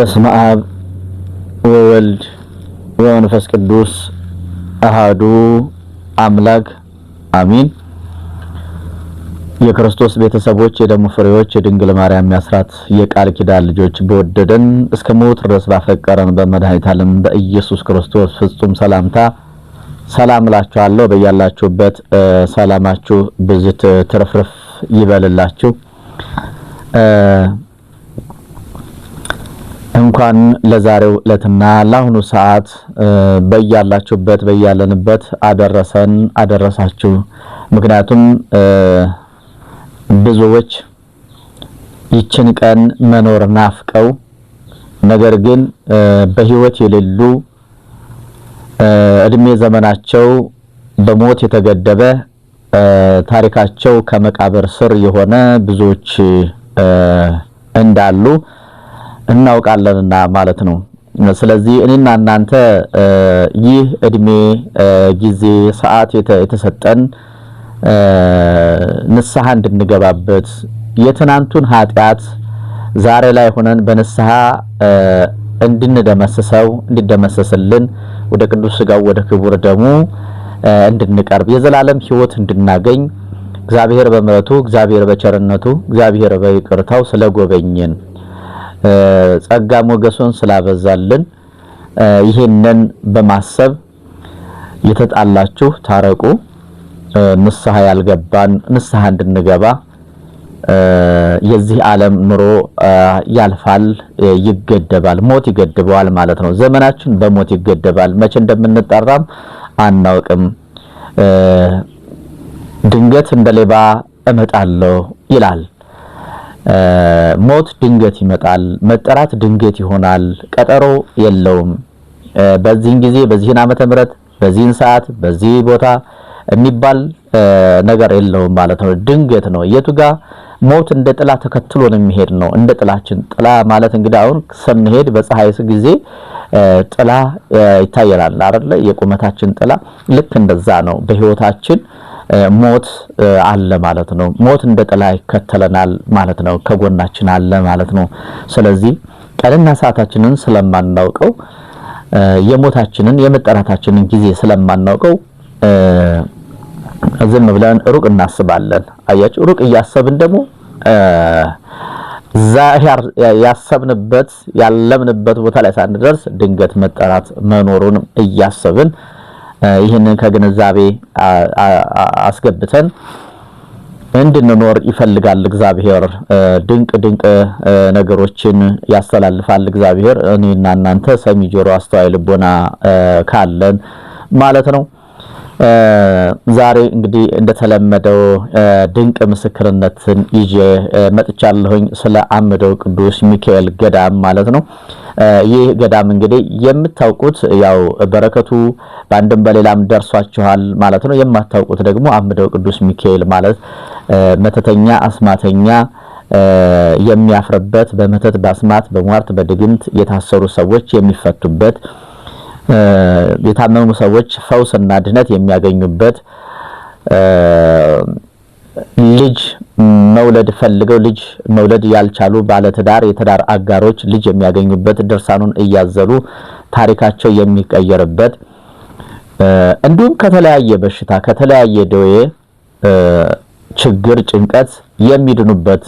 በስመ አብ ወወልድ ወመንፈስ ቅዱስ አሃዱ አምላክ አሚን። የክርስቶስ ቤተሰቦች፣ የደሙ ፍሬዎች፣ የድንግል ማርያም ያስራት የቃል ኪዳን ልጆች በወደደን እስከ ሞት ድረስ ባፈቀረን በመድኃኒተ ዓለም በኢየሱስ ክርስቶስ ፍጹም ሰላምታ ሰላም እላችኋለሁ። በያላችሁበት ሰላማችሁ ብዝት ትርፍርፍ ይበልላችሁ። እንኳን ለዛሬው ዕለትና ለአሁኑ ሰዓት በያላችሁበት በያለንበት አደረሰን አደረሳችሁ። ምክንያቱም ብዙዎች ይችን ቀን መኖር ናፍቀው ነገር ግን በህይወት የሌሉ እድሜ ዘመናቸው በሞት የተገደበ ታሪካቸው ከመቃብር ስር የሆነ ብዙዎች እንዳሉ እናውቃለንና ማለት ነው። ስለዚህ እኔና እናንተ ይህ እድሜ፣ ጊዜ፣ ሰዓት የተሰጠን ንስሐ እንድንገባበት የትናንቱን ኃጢአት ዛሬ ላይ ሆነን በንስሐ እንድንደመስሰው እንዲደመሰስልን ወደ ቅዱስ ስጋው ወደ ክቡር ደሙ እንድንቀርብ የዘላለም ሕይወት እንድናገኝ እግዚአብሔር በምረቱ እግዚአብሔር በቸርነቱ እግዚአብሔር በይቅርታው ስለጎበኘን ጸጋ ሞገሱን ስላበዛልን ይሄንን በማሰብ የተጣላችሁ ታረቁ፣ ንስሐ ያልገባን ንስሐ እንድንገባ የዚህ ዓለም ኑሮ ያልፋል፣ ይገደባል፣ ሞት ይገድበዋል ማለት ነው። ዘመናችን በሞት ይገደባል። መቼ እንደምንጠራም አናውቅም። ድንገት እንደ ሌባ እመጣለሁ ይላል ሞት ድንገት ይመጣል፣ መጠራት ድንገት ይሆናል፣ ቀጠሮ የለውም። በዚህን ጊዜ በዚህን ዓመተ ምህረት በዚህን ሰዓት በዚህ ቦታ የሚባል ነገር የለውም ማለት ነው። ድንገት ነው። የቱ ጋ ሞት እንደ ጥላ ተከትሎ ነው የሚሄድ ነው። እንደ ጥላችን ጥላ ማለት እንግዲህ አሁን ስንሄድ በፀሐይ ጊዜ ጥላ ይታየናል አይደለ? የቁመታችን ጥላ ልክ እንደዛ ነው በህይወታችን ሞት አለ ማለት ነው። ሞት እንደ ጥላ ይከተለናል ማለት ነው። ከጎናችን አለ ማለት ነው። ስለዚህ ቀንና ሰዓታችንን ስለማናውቀው የሞታችንን የመጠራታችንን ጊዜ ስለማናውቀው ዝም ብለን ሩቅ እናስባለን። አያችሁ፣ ሩቅ እያሰብን ደግሞ ዛህር ያሰብንበት ያለምንበት ቦታ ላይ ሳንደርስ ድንገት መጠራት መኖሩን እያሰብን ይህንን ከግንዛቤ አስገብተን እንድንኖር ይፈልጋል እግዚአብሔር። ድንቅ ድንቅ ነገሮችን ያስተላልፋል እግዚአብሔር። እኔና እናንተ ሰሚ ጆሮ፣ አስተዋይ ልቦና ካለን ማለት ነው። ዛሬ እንግዲህ እንደተለመደው ድንቅ ምስክርነትን ይዤ መጥቻለሁኝ ስለ አምደው ቅዱስ ሚካኤል ገዳም ማለት ነው። ይህ ገዳም እንግዲህ የምታውቁት ያው በረከቱ በአንድም በሌላም ደርሷችኋል ማለት ነው። የማታውቁት ደግሞ አምደው ቅዱስ ሚካኤል ማለት መተተኛ አስማተኛ የሚያፍርበት በመተት በአስማት በሟርት በድግምት የታሰሩ ሰዎች የሚፈቱበት የታመሙ ሰዎች ፈውስና ድነት የሚያገኙበት ልጅ መውለድ ፈልገው ልጅ መውለድ ያልቻሉ ባለትዳር የትዳር አጋሮች ልጅ የሚያገኙበት ድርሳኑን እያዘሉ ታሪካቸው የሚቀየርበት እንዲሁም ከተለያየ በሽታ ከተለያየ ደዌ ችግር፣ ጭንቀት የሚድኑበት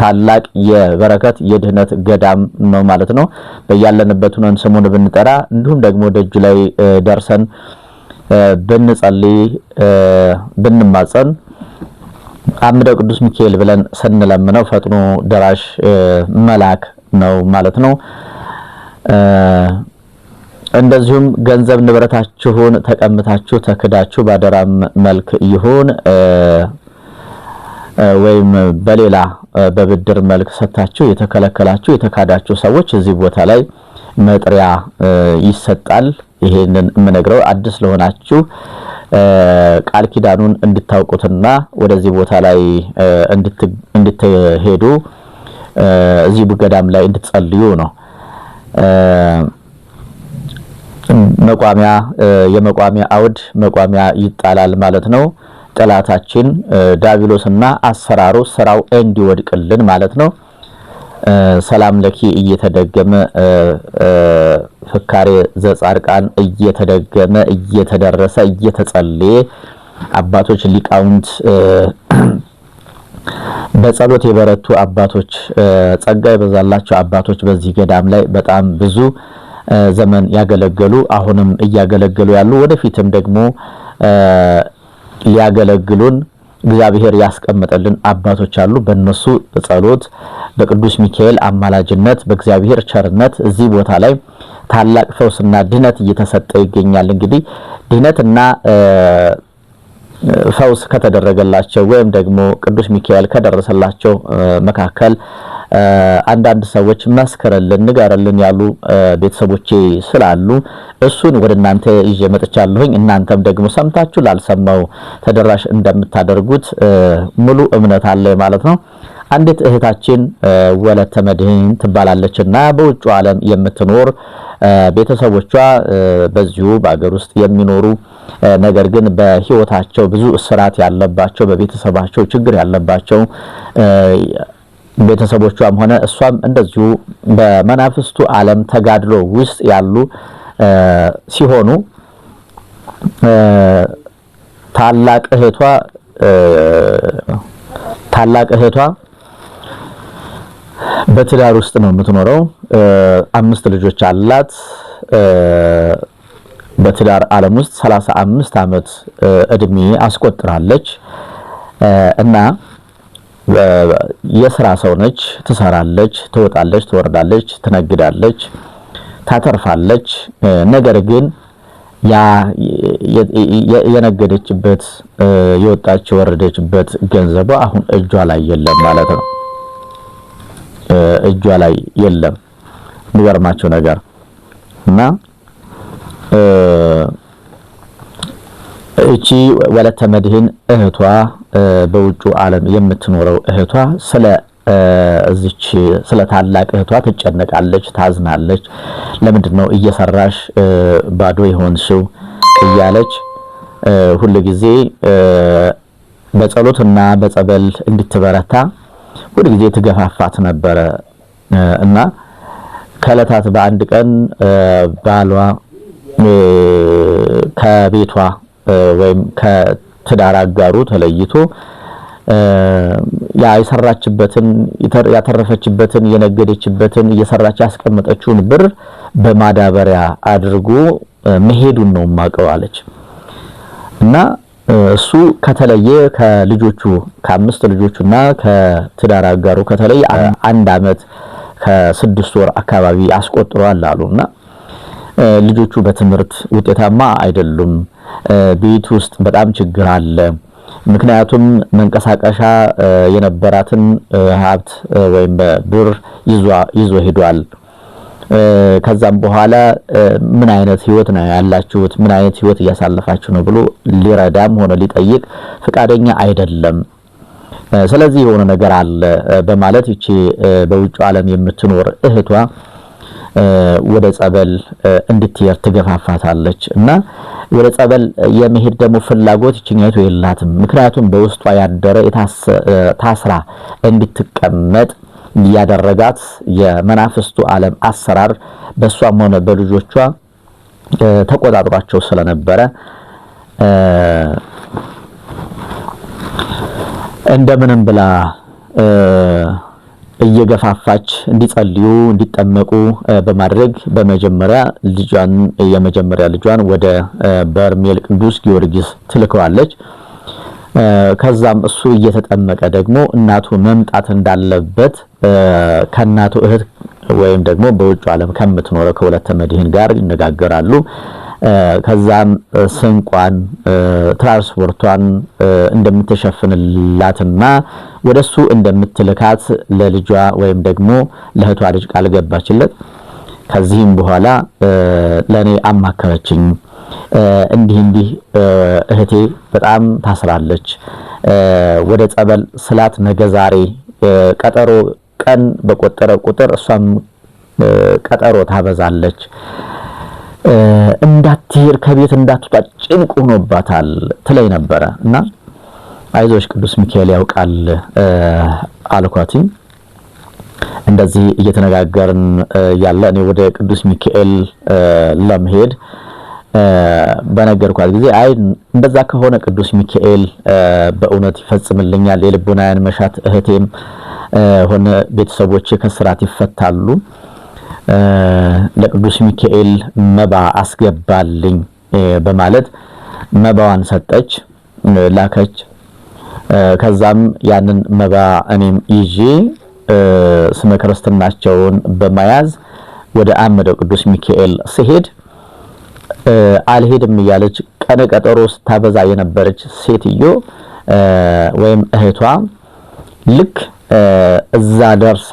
ታላቅ የበረከት የድህነት ገዳም ነው ማለት ነው። በያለንበት ሆነን ስሙን ብንጠራ እንዲሁም ደግሞ ደጁ ላይ ደርሰን ብንጸልይ ብንማጸን አምደው ቅዱስ ሚካኤል ብለን ስንለምነው ፈጥኖ ደራሽ መልአክ ነው ማለት ነው። እንደዚሁም ገንዘብ ንብረታችሁን ተቀምታችሁ ተክዳችሁ ባደራም መልክ ይሁን ወይም በሌላ በብድር መልክ ሰጥታችሁ የተከለከላችሁ የተካዳችሁ ሰዎች እዚህ ቦታ ላይ መጥሪያ ይሰጣል። ይሄንን የምነግረው አዲስ ለሆናችሁ ቃል ኪዳኑን እንድታውቁትና ወደዚህ ቦታ ላይ እንድትሄዱ እዚህ ገዳም ላይ እንድትጸልዩ ነው። መቋሚያ የመቋሚያ አውድ መቋሚያ ይጣላል ማለት ነው። ጠላታችን ዳቢሎስና አሰራሩ ስራው እንዲወድቅልን ማለት ነው። ሰላም ለኪ እየተደገመ ፍካሬ ዘጻርቃን እየተደገመ እየተደረሰ እየተጸለየ አባቶች ሊቃውንት በጸሎት የበረቱ አባቶች ጸጋ የበዛላቸው አባቶች በዚህ ገዳም ላይ በጣም ብዙ ዘመን ያገለገሉ አሁንም እያገለገሉ ያሉ ወደፊትም ደግሞ ሊያገለግሉን እግዚአብሔር ያስቀመጠልን አባቶች አሉ። በእነሱ ጸሎት፣ በቅዱስ ሚካኤል አማላጅነት፣ በእግዚአብሔር ቸርነት እዚህ ቦታ ላይ ታላቅ ፈውስና ድነት እየተሰጠ ይገኛል። እንግዲህ ድነትና ፈውስ ከተደረገላቸው ወይም ደግሞ ቅዱስ ሚካኤል ከደረሰላቸው መካከል አንዳንድ ሰዎች መስክርልን፣ ንገርልን ያሉ ቤተሰቦቼ ስላሉ እሱን ወደ እናንተ ይዤ መጥቻለሁኝ። እናንተም ደግሞ ሰምታችሁ ላልሰማው ተደራሽ እንደምታደርጉት ሙሉ እምነት አለ ማለት ነው። አንዲት እህታችን ወለተ መድህን ትባላለች እና በውጭ ዓለም የምትኖር ቤተሰቦቿ በዚሁ በአገር ውስጥ የሚኖሩ ነገር ግን በህይወታቸው ብዙ እስራት ያለባቸው በቤተሰባቸው ችግር ያለባቸው ቤተሰቦቿም ሆነ እሷም እንደዚሁ በመናፍስቱ ዓለም ተጋድሎ ውስጥ ያሉ ሲሆኑ ታላቅ እህቷ ታላቅ እህቷ በትዳር ውስጥ ነው የምትኖረው። አምስት ልጆች አላት። በትዳር ዓለም ውስጥ 35 ዓመት እድሜ አስቆጥራለች እና የስራ ሰው ነች። ትሰራለች፣ ትወጣለች፣ ትወርዳለች፣ ትነግዳለች፣ ታተርፋለች። ነገር ግን ያ የነገደችበት የወጣች የወረደችበት ገንዘቧ አሁን እጇ ላይ የለም ማለት ነው። እጇ ላይ የለም የሚገርማቸው ነገር እና እቺ ወለተ መድህን እህቷ በውጩ ዓለም የምትኖረው እህቷ ስለ እዚች ስለ ታላቅ እህቷ ትጨነቃለች፣ ታዝናለች። ለምንድን ነው እየሰራሽ ባዶ የሆንሽው እያለች ሁል ጊዜ በጸሎትና በጸበል እንድትበረታ ሁል ጊዜ ትገፋፋት ነበረ እና ከእለታት በአንድ ቀን ባሏ ከቤቷ ወይም ከትዳር አጋሩ ተለይቶ ያ የሰራችበትን ያተረፈችበትን የነገደችበትን እየሰራች ያስቀመጠችውን ብር በማዳበሪያ አድርጎ መሄዱን ነው ማቀው አለች እና እሱ ከተለየ ከልጆቹ ከአምስት ልጆቹ እና ከትዳር አጋሩ ከተለየ አንድ አመት ከስድስት ወር አካባቢ አስቆጥሯል እና ልጆቹ በትምህርት ውጤታማ አይደሉም፣ ቤት ውስጥ በጣም ችግር አለ። ምክንያቱም መንቀሳቀሻ የነበራትን ሀብት ወይም ብር ይዞ ሄዷል። ከዛም በኋላ ምን አይነት ህይወት ነው ያላችሁት? ምን አይነት ህይወት እያሳለፋችሁ ነው ብሎ ሊረዳም ሆነ ሊጠይቅ ፈቃደኛ አይደለም። ስለዚህ የሆነ ነገር አለ በማለት ይቺ በውጭ ዓለም የምትኖር እህቷ ወደ ጸበል እንድትሄድ ትገፋፋታለች እና ወደ ጸበል የመሄድ ደግሞ ፍላጎት ይችኛቱ የላትም። ምክንያቱም በውስጧ ያደረ ታስራ እንድትቀመጥ ያደረጋት የመናፍስቱ ዓለም አሰራር በእሷም ሆነ በልጆቿ ተቆጣጥሯቸው ስለነበረ እንደምንም ብላ እየገፋፋች እንዲጸልዩ እንዲጠመቁ በማድረግ በመጀመሪያ ልጇን የመጀመሪያ ልጇን ወደ በርሜል ቅዱስ ጊዮርጊስ ትልከዋለች። ከዛም እሱ እየተጠመቀ ደግሞ እናቱ መምጣት እንዳለበት ከእናቱ እህት ወይም ደግሞ በውጭ ዓለም ከምትኖረው ከሁለተ መድህን ጋር ይነጋገራሉ። ከዛም ስንቋን ትራንስፖርቷን እንደምትሸፍንላትና ወደሱ እንደምትልካት ለልጇ ወይም ደግሞ ለእህቷ ልጅ ቃል ገባችለት። ከዚህም በኋላ ለእኔ አማከረችኝ። እንዲህ እንዲህ እህቴ በጣም ታስራለች፣ ወደ ጸበል ስላት ነገ ዛሬ ቀጠሮ ቀን በቆጠረ ቁጥር እሷም ቀጠሮ ታበዛለች እንዳትሄድ ከቤት እንዳትወጣ ጭንቅ ሆኖባታል ትለይ ነበረ እና አይዞሽ ቅዱስ ሚካኤል ያውቃል አልኳት። እንደዚህ እየተነጋገርን ያለ እኔ ወደ ቅዱስ ሚካኤል ለመሄድ በነገርኳት ጊዜ አይ እንደዛ ከሆነ ቅዱስ ሚካኤል በእውነት ይፈጽምልኛል የልቡናን መሻት እህቴም ሆነ ቤተሰቦቼ ከስራት ይፈታሉ ለቅዱስ ሚካኤል መባ አስገባልኝ በማለት መባዋን ሰጠች፣ ላከች። ከዛም ያንን መባ እኔም ይዤ ስመ ክርስትናቸውን በመያዝ ወደ አመደው ቅዱስ ሚካኤል ስሄድ አልሄድም እያለች ቀነ ቀጠሮ ስታበዛ የነበረች ሴትዮ ወይም እህቷ ልክ እዛ ደርሳ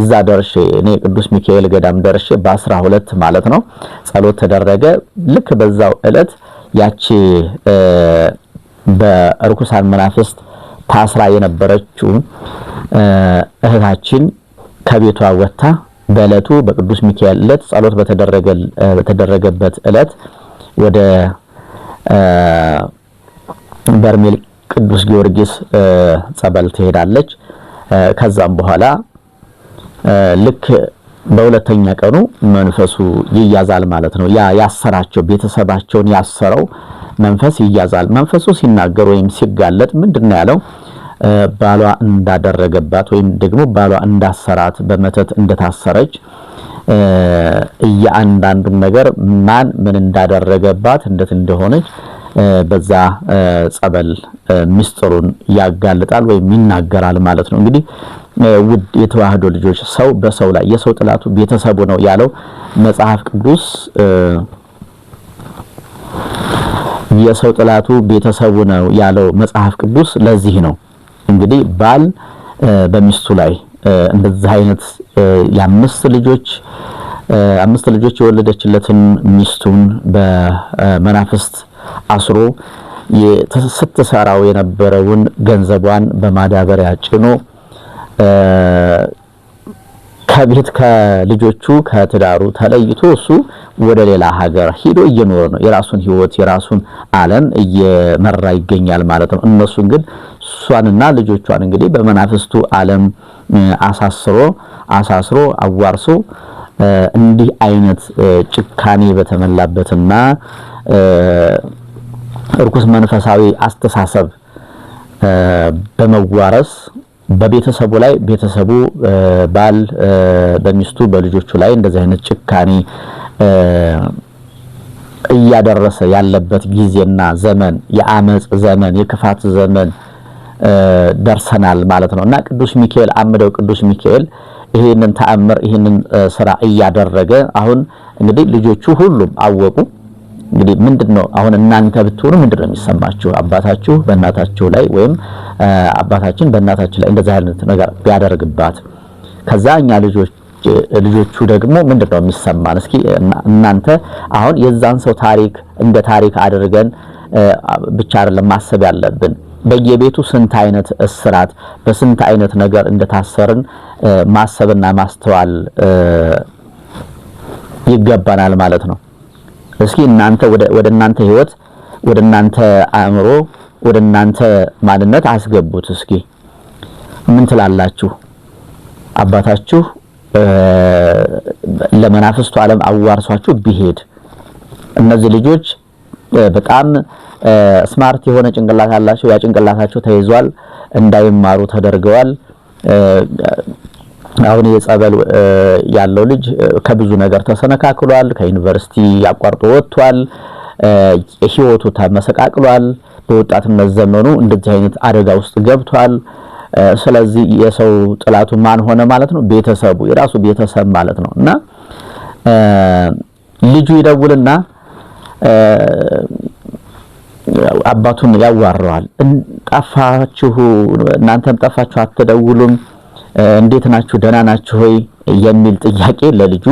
እዛ ደርሼ እኔ ቅዱስ ሚካኤል ገዳም ደርሼ በአስራ ሁለት ማለት ነው ጸሎት ተደረገ። ልክ በዛው ዕለት ያቺ በርኩሳን መናፍስት ታስራ የነበረችው እህታችን ከቤቷ ወጥታ በዕለቱ በቅዱስ ሚካኤል ዕለት ጸሎት በተደረገበት ዕለት ወደ በርሜል ቅዱስ ጊዮርጊስ ጸበል ትሄዳለች። ከዛም በኋላ ልክ በሁለተኛ ቀኑ መንፈሱ ይያዛል ማለት ነው። ያ ያሰራቸው ቤተሰባቸውን ያሰረው መንፈስ ይያዛል። መንፈሱ ሲናገር ወይም ሲጋለጥ ምንድን ነው ያለው? ባሏ እንዳደረገባት ወይም ደግሞ ባሏ እንዳሰራት በመተት እንደታሰረች እያንዳንዱን ነገር ማን ምን እንዳደረገባት እንዴት እንደሆነች በዛ ጸበል ምስጢሩን ያጋልጣል ወይም ይናገራል ማለት ነው። እንግዲህ ውድ የተዋህዶ ልጆች ሰው በሰው ላይ የሰው ጥላቱ ቤተሰቡ ነው ያለው መጽሐፍ ቅዱስ። የሰው ጥላቱ ቤተሰቡ ነው ያለው መጽሐፍ ቅዱስ። ለዚህ ነው እንግዲህ ባል በሚስቱ ላይ እንደዚህ አይነት የአምስት ልጆች አምስት ልጆች የወለደችለትን ሚስቱን በመናፍስት አስሮ ስትሰራው የነበረውን ገንዘቧን በማዳበሪያ ጭኖ ከቤት ከልጆቹ ከትዳሩ ተለይቶ እሱ ወደ ሌላ ሀገር ሂዶ እየኖረ ነው። የራሱን ህይወት የራሱን ዓለም እየመራ ይገኛል ማለት ነው። እነሱን ግን እሷንና ልጆቿን እንግዲህ በመናፍስቱ ዓለም አሳስሮ አሳስሮ አዋርሶ እንዲህ አይነት ጭካኔ በተመላበትና እርኩስ መንፈሳዊ አስተሳሰብ በመዋረስ በቤተሰቡ ላይ ቤተሰቡ ባል በሚስቱ በልጆቹ ላይ እንደዚህ አይነት ጭካኔ እያደረሰ ያለበት ጊዜና ዘመን የአመፅ ዘመን፣ የክፋት ዘመን ደርሰናል ማለት ነው እና ቅዱስ ሚካኤል አምደው ቅዱስ ሚካኤል ይህንን ተአምር ይህንን ስራ እያደረገ አሁን እንግዲህ ልጆቹ ሁሉም አወቁ። እንግዲህ ምንድን ነው አሁን እናንተ ብትሆኑ ምንድን ነው የሚሰማችሁ? አባታችሁ በእናታችሁ ላይ ወይም አባታችን በእናታችን ላይ እንደዛ አይነት ነገር ቢያደርግባት ከዛ እኛ ልጆች ልጆቹ ደግሞ ምንድን ነው የሚሰማን? እስኪ እናንተ አሁን የዛን ሰው ታሪክ እንደ ታሪክ አድርገን ብቻ አይደለም ማሰብ ያለብን። በየቤቱ ስንት አይነት እስራት በስንት አይነት ነገር እንደታሰርን ማሰብና ማስተዋል ይገባናል ማለት ነው። እስኪ እናንተ ወደ እናንተ ህይወት ወደ እናንተ አእምሮ ወደ እናንተ ማንነት አስገቡት። እስኪ ምን ትላላችሁ? አባታችሁ ለመናፍስቱ ዓለም አዋርሷችሁ ቢሄድ እነዚህ ልጆች በጣም ስማርት የሆነ ጭንቅላት አላቸው። ያ ጭንቅላታቸው ተይዟል፣ እንዳይማሩ ተደርገዋል። አሁን የጸበል ያለው ልጅ ከብዙ ነገር ተሰነካክሏል። ከዩኒቨርሲቲ አቋርጦ ወጥቷል። ህይወቱ ተመሰቃቅሏል። በወጣትነት ዘመኑ እንደዚህ አይነት አደጋ ውስጥ ገብቷል። ስለዚህ የሰው ጥላቱ ማን ሆነ ማለት ነው? ቤተሰቡ፣ የራሱ ቤተሰብ ማለት ነው። እና ልጁ ይደውልና አባቱን ያዋረዋል። ጠፋችሁ፣ እናንተም ጠፋችሁ፣ አትደውሉም እንዴት ናችሁ ደህና ናችሁ ሆይ የሚል ጥያቄ ለልጁ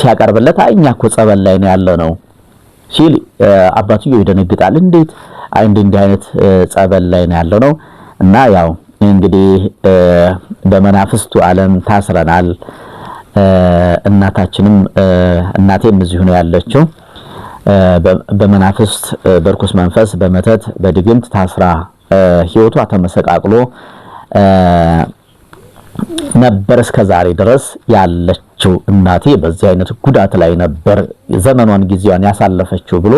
ሲያቀርብለት አኛ እኛ እኮ ጸበል ላይ ነው ያለ ነው ሲል አባትዮ ይደነግጣል። እንዴት አይ እንዲህ አይነት ጸበል ላይ ነው ያለው ነው እና ያው እንግዲህ በመናፍስቱ ዓለም ታስረናል። እናታችንም እናቴም እዚሁ ነው ያለችው በመናፍስት በርኩስ መንፈስ በመተት በድግምት ታስራ ህይወቷ ተመሰቃቅሎ ነበር እስከ ዛሬ ድረስ ያለችው እናቴ በዚህ አይነት ጉዳት ላይ ነበር ዘመኗን ጊዜዋን ያሳለፈችው ብሎ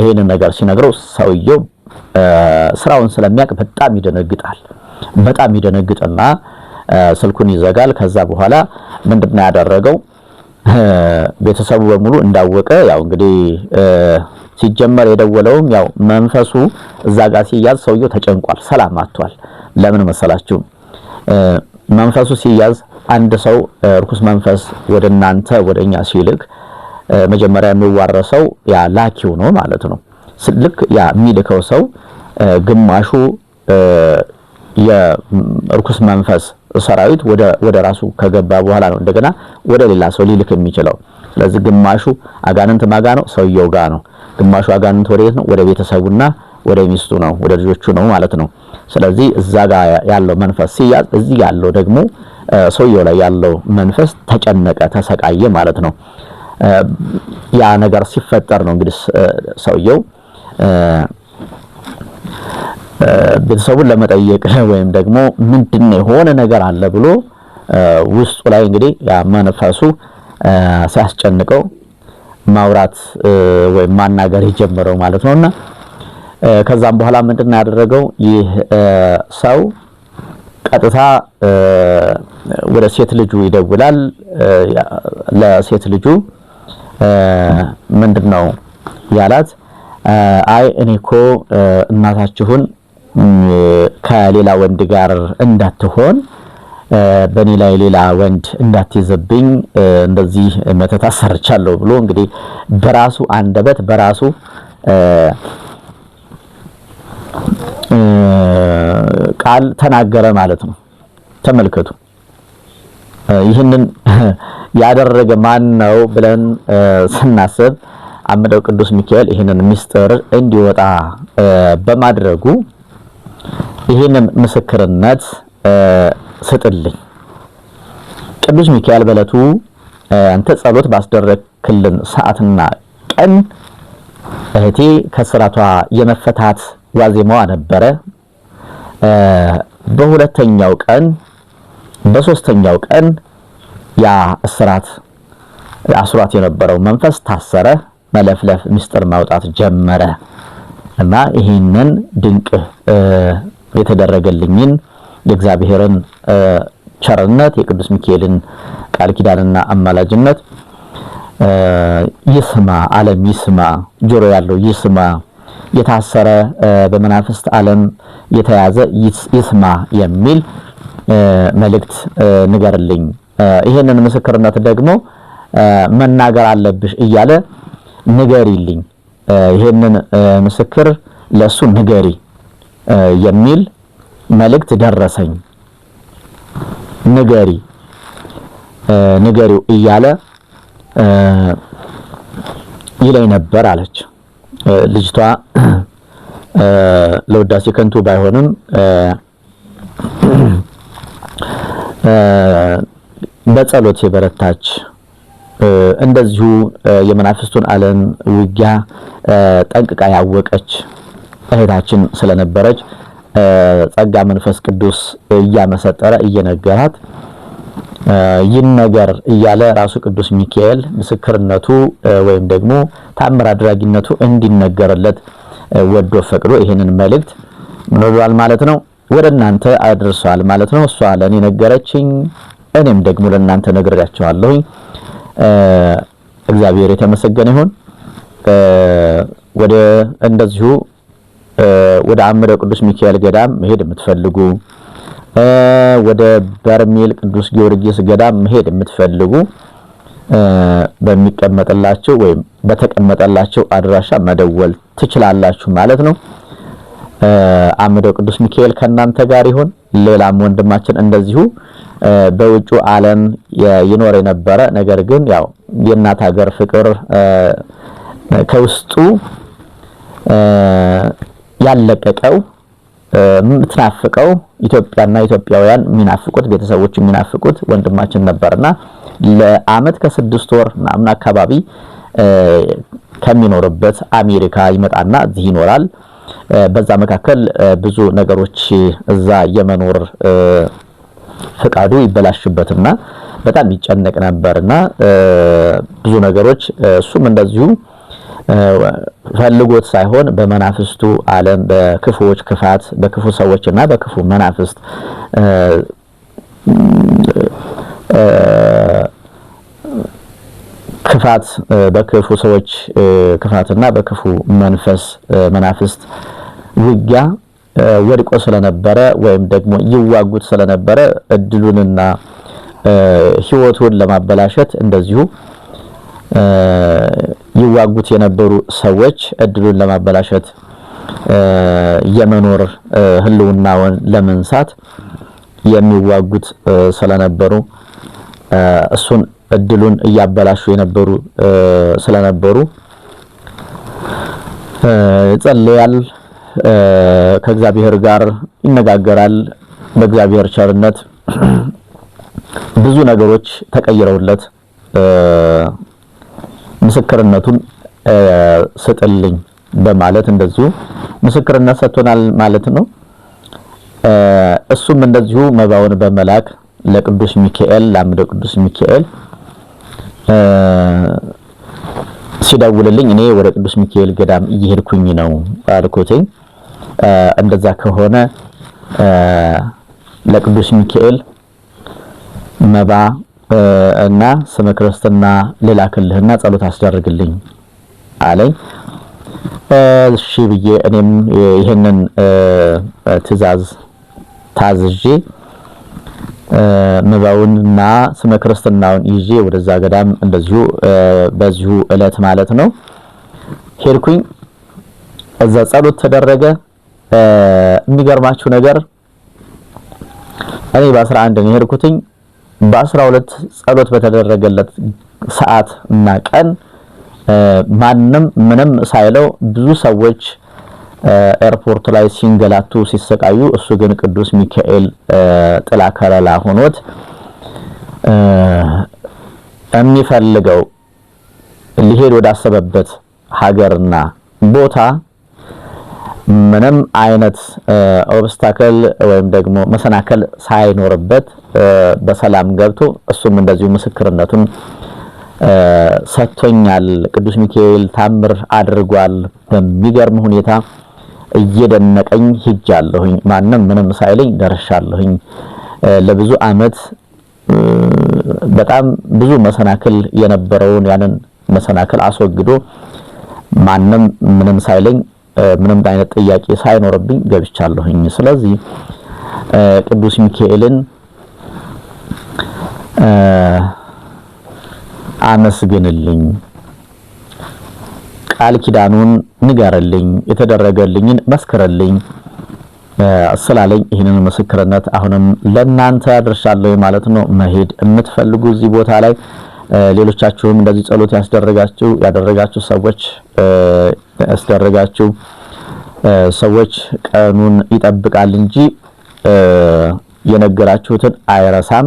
ይሄንን ነገር ሲነግረው ሰውየው ስራውን ስለሚያውቅ በጣም ይደነግጣል። በጣም ይደነግጥና ስልኩን ይዘጋል። ከዛ በኋላ ምንድነው ያደረገው? ቤተሰቡ በሙሉ እንዳወቀ ያው እንግዲህ ሲጀመር የደወለውም ያው መንፈሱ እዛ ጋር ሲያዝ ሰውየው ተጨንቋል፣ ሰላም አጥቷል። ለምን መሰላችሁ? መንፈሱ ሲያዝ አንድ ሰው ርኩስ መንፈስ ወደ እናንተ ወደ እኛ ሲልክ መጀመሪያ የሚዋረሰው ያ ላኪው ነው ማለት ነው። ልክ ያ የሚልከው ሰው ግማሹ የርኩስ መንፈስ ሰራዊት ወደ ራሱ ከገባ በኋላ ነው እንደገና ወደ ሌላ ሰው ሊልክ የሚችለው። ስለዚህ ግማሹ አጋንንት ማጋ ነው፣ ሰውየው ጋ ነው። ግማሹ አጋንንት ወደ ነው፣ ወደ ቤተሰቡና ወደ ሚስቱ ነው፣ ወደ ልጆቹ ነው ማለት ነው። ስለዚህ እዛ ጋር ያለው መንፈስ ሲያዝ እዚህ ያለው ደግሞ ሰውየው ላይ ያለው መንፈስ ተጨነቀ፣ ተሰቃየ ማለት ነው። ያ ነገር ሲፈጠር ነው እንግዲህ ሰውየው ቤተሰቡን ለመጠየቅ ወይም ደግሞ ምንድነው የሆነ ነገር አለ ብሎ ውስጡ ላይ እንግዲህ ያ መንፈሱ ሲያስጨንቀው ማውራት ወይም ማናገር የጀመረው ማለት ነውና ከዛም በኋላ ምንድን ያደረገው ይህ ሰው ቀጥታ ወደ ሴት ልጁ ይደውላል። ለሴት ልጁ ምንድን ነው ያላት? አይ እኔ እኮ እናታችሁን ከሌላ ወንድ ጋር እንዳትሆን በእኔ ላይ ሌላ ወንድ እንዳትይዝብኝ እንደዚህ መተት አሰርቻለሁ ብሎ እንግዲህ በራሱ አንደበት በራሱ ቃል ተናገረ ማለት ነው። ተመልከቱ። ይህንን ያደረገ ማን ነው ብለን ስናስብ አምደው ቅዱስ ሚካኤል ይህንን ምስጢር እንዲወጣ በማድረጉ ይህንን ምስክርነት ስጥልኝ ቅዱስ ሚካኤል በዕለቱ አንተ ጸሎት ባስደረግክልን ሰዓትና ቀን እህቴ ከስራቷ የመፈታት ዋዜማዋ ነበረ። በሁለተኛው ቀን በሶስተኛው ቀን ያ እስራት አስሯት የነበረው መንፈስ ታሰረ። መለፍለፍ ምስጢር ማውጣት ጀመረ እና ይህንን ድንቅ የተደረገልኝን የእግዚአብሔርን ቸርነት የቅዱስ ሚካኤልን ቃል ኪዳንና አማላጅነት ይስማ፣ ዓለም ይስማ፣ ጆሮ ያለው ይስማ። የታሰረ በመናፍስት ዓለም የተያዘ ይስማ የሚል መልእክት ንገርልኝ፣ ይሄንን ምስክርነት ደግሞ መናገር አለብሽ እያለ ንገሪልኝ፣ ይሄንን ምስክር ለሱ ንገሪ የሚል መልእክት ደረሰኝ። ንገሪ ንገሪው እያለ ይለኝ ነበር አለች ልጅቷ። ለውዳሴ ከንቱ ባይሆንም በጸሎት የበረታች እንደዚሁ የመናፍስቱን ዓለም ውጊያ ጠንቅቃ ያወቀች እህታችን ስለነበረች ጸጋ መንፈስ ቅዱስ እያመሰጠረ እየነገራት ይህን ነገር እያለ ራሱ ቅዱስ ሚካኤል ምስክርነቱ ወይም ደግሞ ታምር አድራጊነቱ እንዲነገርለት ወዶ ፈቅዶ ይህንን መልእክት ምን ብሏል ማለት ነው ወደ እናንተ አድርሷል ማለት ነው። እሷ ለእኔ ነገረችኝ፣ እኔም ደግሞ ለእናንተ ነግሬያቸዋለሁኝ። እግዚአብሔር የተመሰገነ ይሁን። ወደ እንደዚሁ ወደ አምደ ቅዱስ ሚካኤል ገዳም መሄድ የምትፈልጉ ወደ በርሜል ቅዱስ ጊዮርጊስ ገዳም መሄድ የምትፈልጉ በሚቀመጥላቸው ወይም በተቀመጠላቸው አድራሻ መደወል ትችላላችሁ ማለት ነው። አምደው ቅዱስ ሚካኤል ከእናንተ ጋር ይሁን። ሌላም ወንድማችን እንደዚሁ በውጩ ዓለም ይኖር የነበረ ነገር ግን ያው የእናት ሀገር ፍቅር ከውስጡ ያለቀቀው የምትናፍቀው ኢትዮጵያና ኢትዮጵያውያን የሚናፍቁት ቤተሰቦች የሚናፍቁት ወንድማችን ነበርና ለአመት ከስድስት ወር ምናምን አካባቢ ከሚኖርበት አሜሪካ ይመጣና እዚህ ይኖራል። በዛ መካከል ብዙ ነገሮች እዛ የመኖር ፍቃዱ ይበላሽበትና በጣም ይጨነቅ ነበርና ብዙ ነገሮች እሱም እንደዚሁ ፈልጎት ሳይሆን በመናፍስቱ ዓለም በክፉዎች ክፋት በክፉ ሰዎች እና በክፉ መናፍስት ክፋት በክፉ ሰዎች ክፋትና በክፉ መንፈስ መናፍስት ውጊያ ወድቆ ስለነበረ ወይም ደግሞ ይዋጉት ስለነበረ እድሉንና ሕይወቱን ለማበላሸት እንደዚሁ ይዋጉት የነበሩ ሰዎች እድሉን ለማበላሸት የመኖር ህልውናውን ለመንሳት የሚዋጉት ስለነበሩ እሱን እድሉን እያበላሹ የነበሩ ስለነበሩ ይጸልያል፣ ከእግዚአብሔር ጋር ይነጋገራል። በእግዚአብሔር ቸርነት ብዙ ነገሮች ተቀይረውለት ምስክርነቱን ስጥልኝ በማለት እንደዚሁ ምስክርነት ሰጥቶናል ማለት ነው። እሱም እንደዚሁ መባውን በመላክ ለቅዱስ ሚካኤል ለአምደ ቅዱስ ሚካኤል ሲደውልልኝ እኔ ወደ ቅዱስ ሚካኤል ገዳም እየሄድኩኝ ነው አልኩትኝ። እንደዛ ከሆነ ለቅዱስ ሚካኤል መባ እና ስመ ክርስትና ልላክልህና ጸሎት አስደርግልኝ አለኝ። እሺ ብዬ እኔም ይህንን ትዕዛዝ ታዝዤ መባውን እና ስመ ክርስትናውን ይዤ ወደዛ ገዳም እንደዚሁ በዚሁ እለት ማለት ነው ሄድኩኝ። እዛ ጸሎት ተደረገ። የሚገርማችሁ ነገር እኔ በ11 ነው የሄድኩትኝ። ሁለት ጸሎት በተደረገለት ሰዓት እና ቀን ማንም ምንም ሳይለው ብዙ ሰዎች ኤርፖርት ላይ ሲንገላቱ ሲሰቃዩ፣ እሱ ግን ቅዱስ ሚካኤል ጥላ ከለላ ሆኖት የሚፈልገው ሊሄድ ወዳሰበበት ሀገርና ቦታ ምንም አይነት ኦብስታክል ወይም ደግሞ መሰናከል ሳይኖርበት በሰላም ገብቶ እሱም እንደዚሁ ምስክርነቱን ሰጥቶኛል፣ ቅዱስ ሚካኤል ታምር አድርጓል በሚገርም ሁኔታ እየደነቀኝ ሄጃለሁኝ። ማንም ምንም ሳይለኝ ደርሻለሁኝ። ለብዙ ዓመት በጣም ብዙ መሰናክል የነበረውን ያንን መሰናክል አስወግዶ ማንም ምንም ሳይለኝ ምንም አይነት ጥያቄ ሳይኖርብኝ ገብቻለሁኝ። ስለዚህ ቅዱስ ሚካኤልን አመስግንልኝ ቃል ኪዳኑን ንገርልኝ፣ የተደረገልኝን መስክርልኝ ስላለኝ ይህንን ምስክርነት አሁንም ለእናንተ አድርሻለሁ ማለት ነው። መሄድ የምትፈልጉ እዚህ ቦታ ላይ ሌሎቻችሁም እንደዚህ ጸሎት ያስደረጋችሁ ያደረጋችሁ ሰዎች ያስደረጋችሁ ሰዎች ቀኑን ይጠብቃል እንጂ የነገራችሁትን አይረሳም፣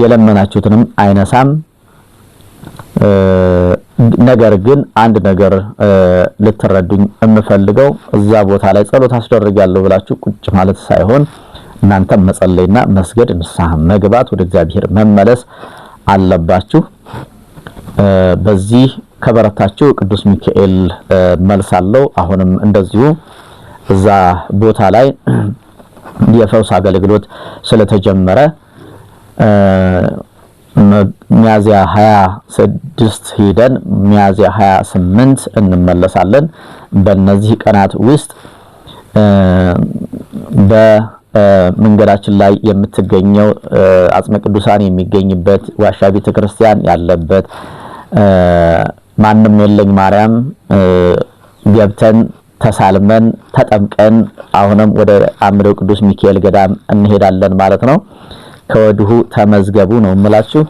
የለመናችሁትንም አይነሳም። ነገር ግን አንድ ነገር ልትረዱኝ የምፈልገው እዛ ቦታ ላይ ጸሎት አስደርጋለሁ ብላችሁ ቁጭ ማለት ሳይሆን እናንተም መጸለይና መስገድ ንስሐ መግባት ወደ እግዚአብሔር መመለስ አለባችሁ። በዚህ ከበረታችሁ ቅዱስ ሚካኤል መልስ አለው። አሁንም እንደዚሁ እዛ ቦታ ላይ የፈውስ አገልግሎት ስለተጀመረ ሚያዚያ 26 ሄደን ሚያዚያ 28 እንመለሳለን። በእነዚህ ቀናት ውስጥ በመንገዳችን ላይ የምትገኘው አጽመ ቅዱሳን የሚገኝበት ዋሻ ቤተ ክርስቲያን ያለበት ማንም የለኝ ማርያም ገብተን ተሳልመን ተጠምቀን አሁንም ወደ አምደው ቅዱስ ሚካኤል ገዳም እንሄዳለን ማለት ነው። ከወዲሁ ተመዝገቡ ነው የምላችሁ።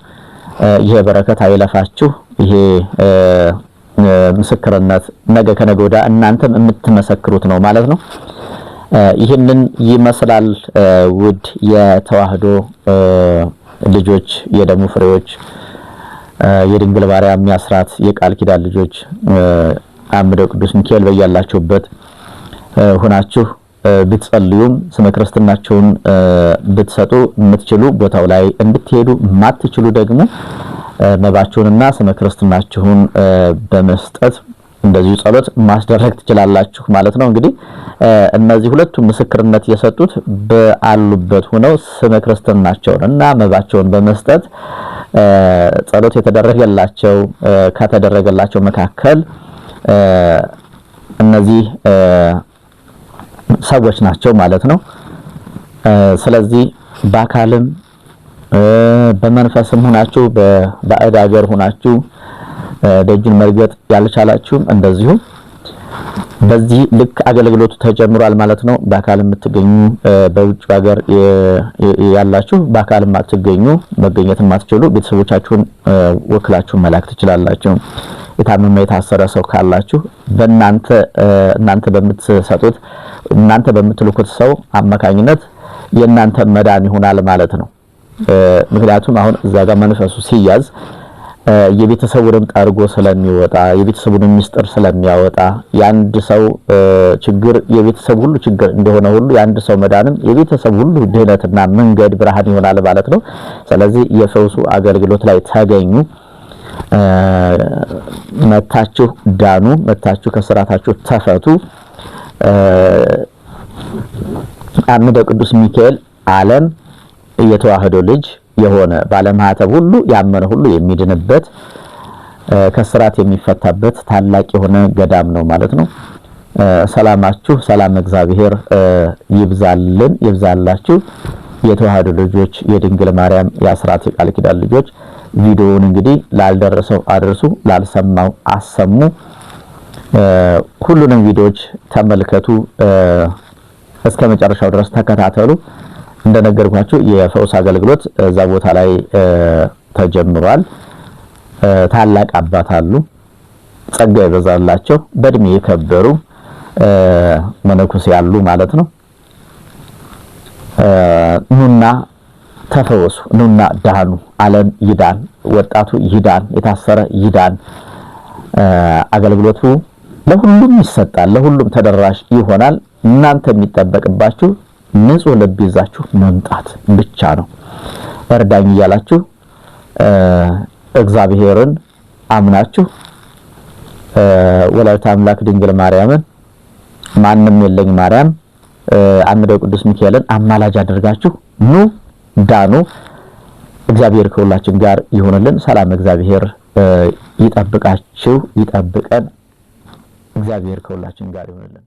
ይሄ በረከት አይለፋችሁ። ይሄ ምስክርነት ነገ ከነገ ወዲያ እናንተም የምትመሰክሩት ነው ማለት ነው። ይህንን ይመስላል ውድ የተዋህዶ ልጆች፣ የደሙ ፍሬዎች፣ የድንግል ማርያም ያስራት የቃል ኪዳን ልጆች አምደው ቅዱስ ሚካኤል በያላችሁበት ሁናችሁ ብትጸልዩም ስመ ክርስትናችሁን ብትሰጡ የምትችሉ ቦታው ላይ እንድትሄዱ፣ ማትችሉ ደግሞ መባችሁንና ስመ ክርስትናችሁን በመስጠት እንደዚሁ ጸሎት ማስደረግ ትችላላችሁ ማለት ነው። እንግዲህ እነዚህ ሁለቱ ምስክርነት የሰጡት በአሉበት ሆነው ስመ ክርስትናቸውን እና መባቸውን በመስጠት ጸሎት የተደረገላቸው ከተደረገላቸው መካከል እነዚህ ሰዎች ናቸው ማለት ነው። ስለዚህ በአካልም በመንፈስም ሆናችሁ በባዕድ ሀገር ሆናችሁ ደጁን መርገጥ ያልቻላችሁም እንደዚሁ በዚህ ልክ አገልግሎቱ ተጀምሯል ማለት ነው። በአካል የምትገኙ በውጭ ሀገር ያላችሁ በአካል የማትገኙ መገኘት የማትችሉ ቤተሰቦቻችሁን ወክላችሁ መላክ ትችላላችሁ። የታመመ የታሰረ ሰው ካላችሁ በእናንተ እናንተ በምትሰጡት እናንተ በምትልኩት ሰው አማካኝነት የእናንተ መዳን ይሆናል ማለት ነው። ምክንያቱም አሁን እዛ ጋር መንፈሱ ሲያዝ የቤተሰቡንም ጠርጎ ስለሚወጣ የቤተሰቡንም ምስጢር ስለሚያወጣ የአንድ ሰው ችግር የቤተሰብ ሁሉ ችግር እንደሆነ ሁሉ የአንድ ሰው መዳንም የቤተሰብ ሁሉ ድህነትና መንገድ ብርሃን ይሆናል ማለት ነው። ስለዚህ የፈውሱ አገልግሎት ላይ ተገኙ። መታችሁ ዳኑ፣ መታችሁ ከስራታችሁ ተፈቱ። አምደ ቅዱስ ሚካኤል ዓለም የተዋህዶ ልጅ የሆነ ባለማህተብ ሁሉ ያመነ ሁሉ የሚድንበት ከስራት የሚፈታበት ታላቅ የሆነ ገዳም ነው ማለት ነው። ሰላማችሁ ሰላም እግዚአብሔር ይብዛልን ይብዛላችሁ። የተዋህዶ ልጆች የድንግል ማርያም የአስራት የቃል ኪዳን ልጆች ቪዲዮውን እንግዲህ ላልደረሰው አድርሱ፣ ላልሰማው አሰሙ። ሁሉንም ቪዲዮዎች ተመልከቱ፣ እስከ መጨረሻው ድረስ ተከታተሉ። እንደነገርኳችሁ የፈውስ አገልግሎት እዛ ቦታ ላይ ተጀምሯል። ታላቅ አባት አሉ፣ ጸጋ ይበዛላቸው፣ በእድሜ የከበሩ መነኩሴ ያሉ ማለት ነው። ኑና ተፈወሱ። ኑና ዳኑ። ዓለም ይዳን፣ ወጣቱ ይዳን፣ የታሰረ ይዳን። አገልግሎቱ ለሁሉም ይሰጣል፣ ለሁሉም ተደራሽ ይሆናል። እናንተ የሚጠበቅባችሁ ንጹህ ልብ ይዛችሁ መምጣት ብቻ ነው። እርዳኝ እያላችሁ እግዚአብሔርን አምናችሁ ወላዲተ አምላክ ድንግል ማርያምን ማንም የለኝ ማርያም አንደው ቅዱስ ሚካኤልን አማላጅ አድርጋችሁ ኑ ዳኑ። እግዚአብሔር ከሁላችን ጋር ይሆንልን። ሰላም እግዚአብሔር ይጠብቃችሁ፣ ይጠብቀን። እግዚአብሔር ከሁላችን ጋር ይሆንልን።